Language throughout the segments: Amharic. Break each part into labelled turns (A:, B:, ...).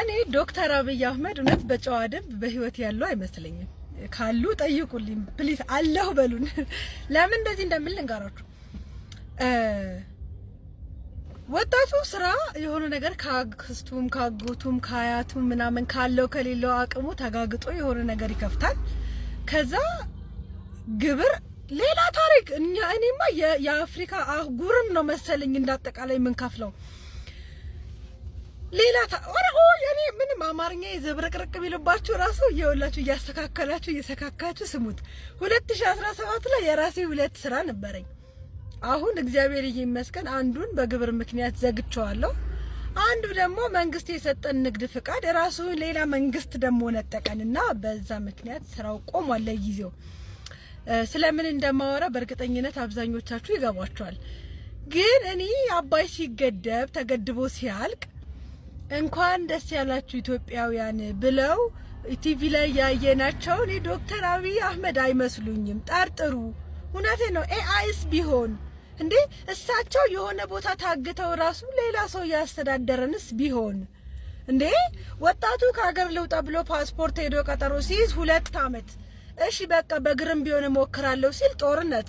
A: እኔ ዶክተር አብይ አህመድ እውነት በጨዋ ደንብ በህይወት ያለው አይመስለኝም። ካሉ ጠይቁልኝ ፕሊዝ፣ አለሁ በሉን። ለምን እንደዚህ እንደምል ልንገራችሁ። ወጣቱ ስራ የሆነ ነገር ካክስቱም ካጎቱም ካያቱም ምናምን ካለው ከሌለው አቅሙ ተጋግጦ የሆነ ነገር ይከፍታል። ከዛ ግብር ሌላ ታሪክ። እኛ እኔማ የአፍሪካ አህጉርም ነው መሰለኝ እንዳጠቃላይ የምንከፍለው ሌላ ወረሆ የኔ ምንም አማርኛ የዘብረቅርቅ ቢልባችሁ ራሱ እየወላችሁ እያስተካከላችሁ እየሰካካችሁ ስሙት። 2017 ላይ የራሴ ሁለት ስራ ነበረኝ። አሁን እግዚአብሔር ይመስገን አንዱን በግብር ምክንያት ዘግቸዋለሁ። አንዱ ደግሞ መንግስት የሰጠን ንግድ ፍቃድ ራሱ ሌላ መንግስት ደግሞ ነጠቀንና በዛ ምክንያት ስራው ቆሟል ለጊዜው። ስለምን እንደማወራ በእርግጠኝነት አብዛኞቻችሁ ይገባችኋል። ግን እኔ አባይ ሲገደብ ተገድቦ ሲያልቅ እንኳን ደስ ያላችሁ ኢትዮጵያውያን ብለው ቲቪ ላይ ያየናቸው እኔ ዶክተር አብይ አህመድ አይመስሉኝም። ጠርጥሩ። እውነቴ ነው። ኤአይስ ቢሆን እንዴ እሳቸው የሆነ ቦታ ታግተው ራሱ ሌላ ሰው እያስተዳደረንስ ቢሆን እንዴ ወጣቱ ከሀገር ልውጣ ብሎ ፓስፖርት ሄዶ ቀጠሮ ሲይዝ ሁለት አመት እሺ በቃ በግርም ቢሆን እሞክራለሁ ሲል ጦርነት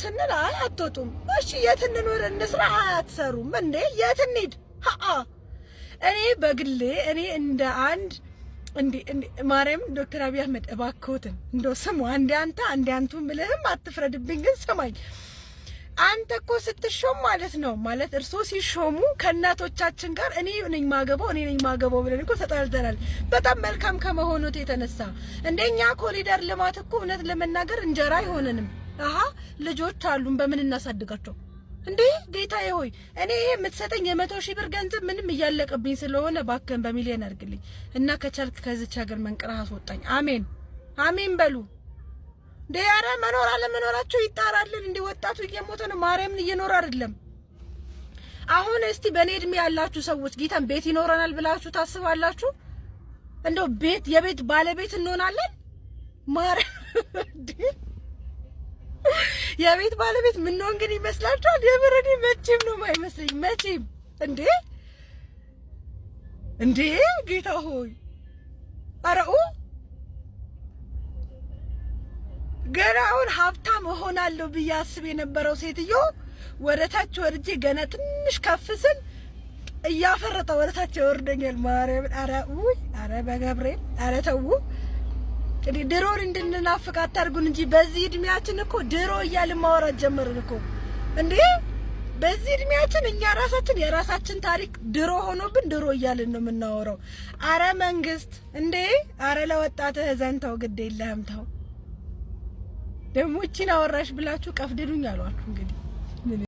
A: ስንል አይ አትወጡም፣ እሺ የት እንኖር እንስራ፣ አትሰሩም እንዴ የት እንሂድ ሀአ እኔ በግሌ እኔ እንደ አንድ ማርያም ዶክተር አብይ አህመድ እባክዎትን እንደው ስሙ፣ አንዴ አንተ አንዴ አንቱ ምልህም አትፍረድብኝ፣ ግን ስማኝ። አንተ እኮ ስትሾም ማለት ነው ማለት እርሶ ሲሾሙ ከእናቶቻችን ጋር እኔ ነኝ ማገበው እኔ ነኝ ማገበው ብለን እኮ ተጠራርተናል። በጣም መልካም ከመሆኑት የተነሳ እንደኛ ኮሪደር ልማት እኮ እውነት ለመናገር እንጀራ አይሆነንም። አሀ ልጆች አሉን፣ በምን እናሳድጋቸው? እንዴ ጌታዬ ሆይ እኔ ይሄ የምትሰጠኝ የመቶ ሺህ ብር ገንዘብ ምንም እያለቅብኝ ስለሆነ ባከን በሚሊዮን አድርግልኝ እና ከቻልክ ከዚች ሀገር መንቅረህ አስወጣኝ። አሜን አሜን በሉ እንዴ! ኧረ መኖር አለመኖራቸው ይጣራልን። እንዲህ ወጣቱ እየሞተ ነው። ማርያምን እየኖረ አይደለም። አሁን እስቲ በእኔ እድሜ ያላችሁ ሰዎች ጌታን ቤት ይኖረናል ብላችሁ ታስባላችሁ? እንደው ቤት የቤት ባለቤት እንሆናለን ማርያም የቤት ባለቤት ምን ነው እንግዲህ ይመስላችኋል? የብረኔ መቼም ነው ማይመስለኝ መቼም። እንዴ እንዴ ጌታ ሆይ አረኡ ገና አሁን ሀብታም እሆናለሁ ብዬ አስብ የነበረው ሴትዮ ወደ ታች ወርጄ ገና ትንሽ ከፍ ስል እያፈረጠ ወደ ታች ይወርደኛል። ማርያምን አረ ውይ አረ በገብርኤል አረ ተው ድሮን እንድንናፍቅ አታርጉን እንጂ በዚህ እድሜያችን እኮ ድሮ እያልን ማውራት ጀመርን እኮ እንዴ! በዚህ እድሜያችን እኛ ራሳችን የራሳችን ታሪክ ድሮ ሆኖብን ድሮ እያልን ነው የምናወራው። አረ መንግስት እንዴ! አረ ለወጣትህ ዘንተው ግድ የለህም ተው። አወራሽ ብላችሁ ቀፍድዱኝ አሏችሁ እንግዲህ